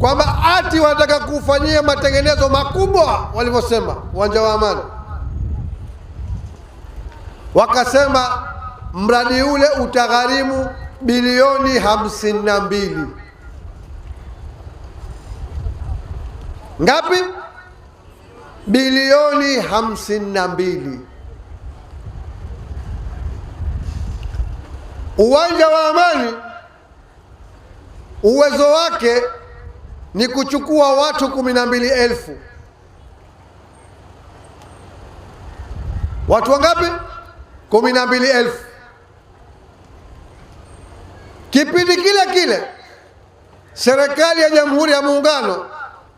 kwamba ati wanataka kufanyia matengenezo makubwa walivyosema uwanja wa Amani. Wakasema mradi ule utagharimu bilioni hamsini na mbili. Ngapi? Bilioni hamsini na mbili. Uwanja wa Amani uwezo wake ni kuchukua watu kumi na mbili elfu. Watu wangapi? kumi na mbili elfu. Kipindi kile kile serikali ya Jamhuri ya Muungano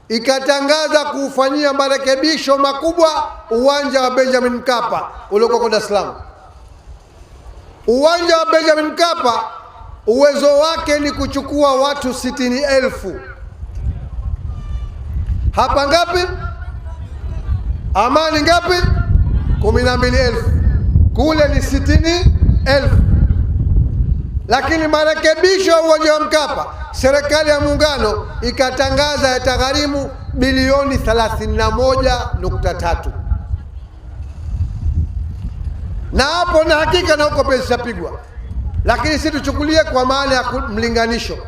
ikatangaza kuufanyia marekebisho makubwa uwanja wa Benjamin Mkapa uliokoko Dar es Salaam. Uwanja wa Benjamin Mkapa uwezo wake ni kuchukua watu sitini elfu hapa ngapi? Amani ngapi? kumi na mbili elfu kule ni sitini elfu lakini marekebisho ya uwanja wa Mkapa, serikali ya muungano ikatangaza yatagharimu bilioni 31.3, na hapo na hakika na huko pesa pigwa lakini si tuchukulie kwa maana ya mlinganisho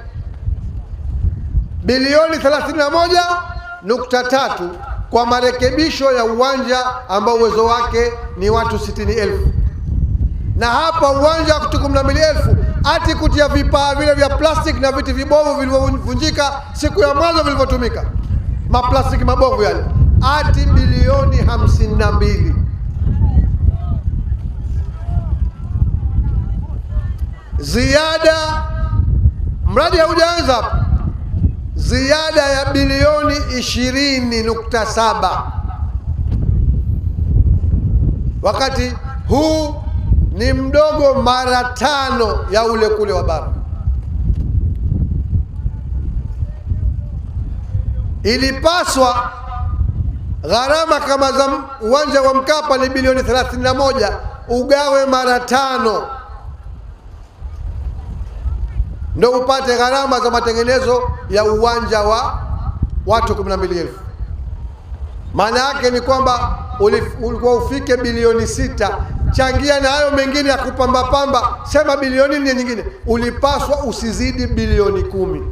bilioni 31 nukta tatu kwa marekebisho ya uwanja ambao uwezo wake ni watu sitini elfu na hapa uwanja wa kumi na mbili elfu ati kutia vipaa vile vya plastic na viti vibovu vilivyovunjika siku ya mwanzo vilivyotumika, maplastiki mabovu yani, ati bilioni hamsini na mbili. Ziada mradi haujaanza ziada ya bilioni 20.7 wakati huu ni mdogo mara tano ya ule kule wa bara. Ilipaswa gharama kama za uwanja wa Mkapa ni bilioni 31, ugawe mara tano ndo upate gharama za matengenezo ya uwanja wa watu 12,000. Maana yake ni kwamba ulikuwa ufike bilioni sita, changia na hayo mengine ya kupambapamba, sema bilioni nne nyingine, ulipaswa usizidi bilioni kumi,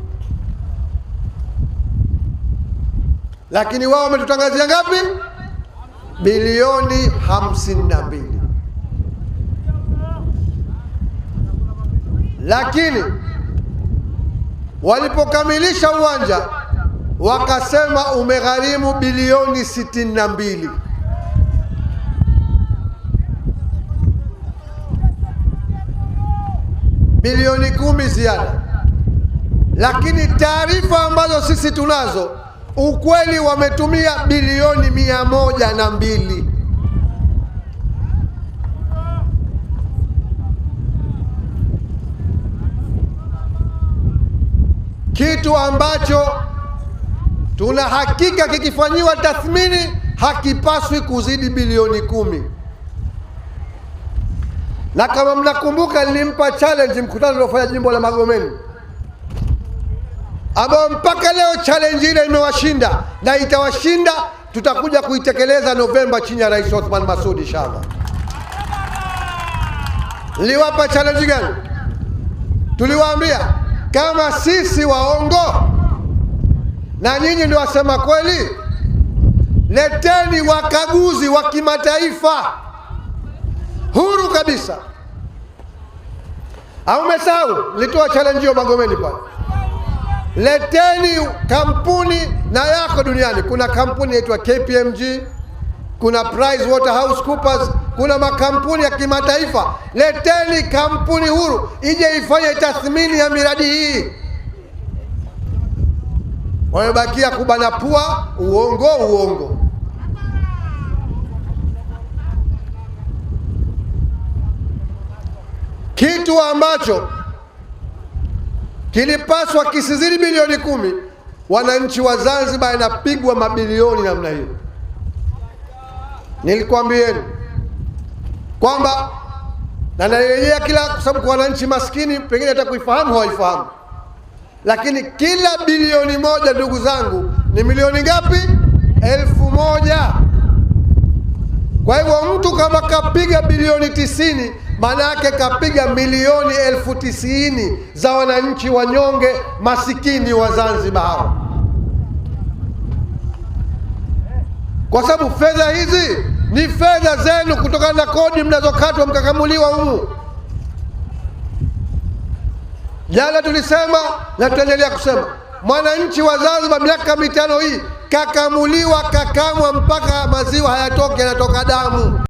lakini wao wametutangazia ngapi? Bilioni hamsini na mbili lakini Walipokamilisha uwanja wakasema umegharimu bilioni sitini na mbili. Bilioni kumi ziada, lakini taarifa ambazo sisi tunazo ukweli wametumia bilioni mia moja na mbili. kitu ambacho tuna hakika kikifanyiwa tathmini hakipaswi kuzidi bilioni kumi. Na kama mnakumbuka, nilimpa challenge mkutano uliofanya jimbo la Magomeni, ambayo mpaka leo challenge ile imewashinda na itawashinda. Tutakuja kuitekeleza Novemba chini ya Rais Othman masudi inshallah. liwapa challenge gani? Tuliwaambia kama sisi waongo na nyinyi ndio wasema kweli? Leteni wakaguzi wa kimataifa huru kabisa. Au umesahau? Litoa challenge hiyo Magomeni pale. Leteni kampuni na yako duniani. Kuna kampuni inaitwa KPMG, kuna Price Waterhouse Coopers kuna makampuni ya kimataifa. Leteni kampuni huru ije ifanye tathmini ya miradi hii. Wamebakia kubana pua, uongo uongo. Kitu ambacho kilipaswa kisizidi bilioni kumi, wananchi wa Zanzibar inapigwa mabilioni namna hiyo. Nilikwambieni kwamba na nairejea kila, kwa sababu kwa wananchi maskini pengine hata kuifahamu hawaifahamu, lakini kila bilioni moja ndugu zangu ni milioni ngapi? Elfu moja. Kwa hivyo mtu kama kapiga bilioni tisini, maana yake kapiga milioni elfu tisini za wananchi wanyonge masikini wa Zanzibar hao, kwa sababu fedha hizi ni fedha zenu kutokana na kodi mnazokatwa mkakamuliwa humu. Jana tulisema na tutaendelea kusema, mwananchi wa Zanzibar miaka mitano hii kakamuliwa, kakamwa mpaka maziwa hayatoki, yanatoka damu.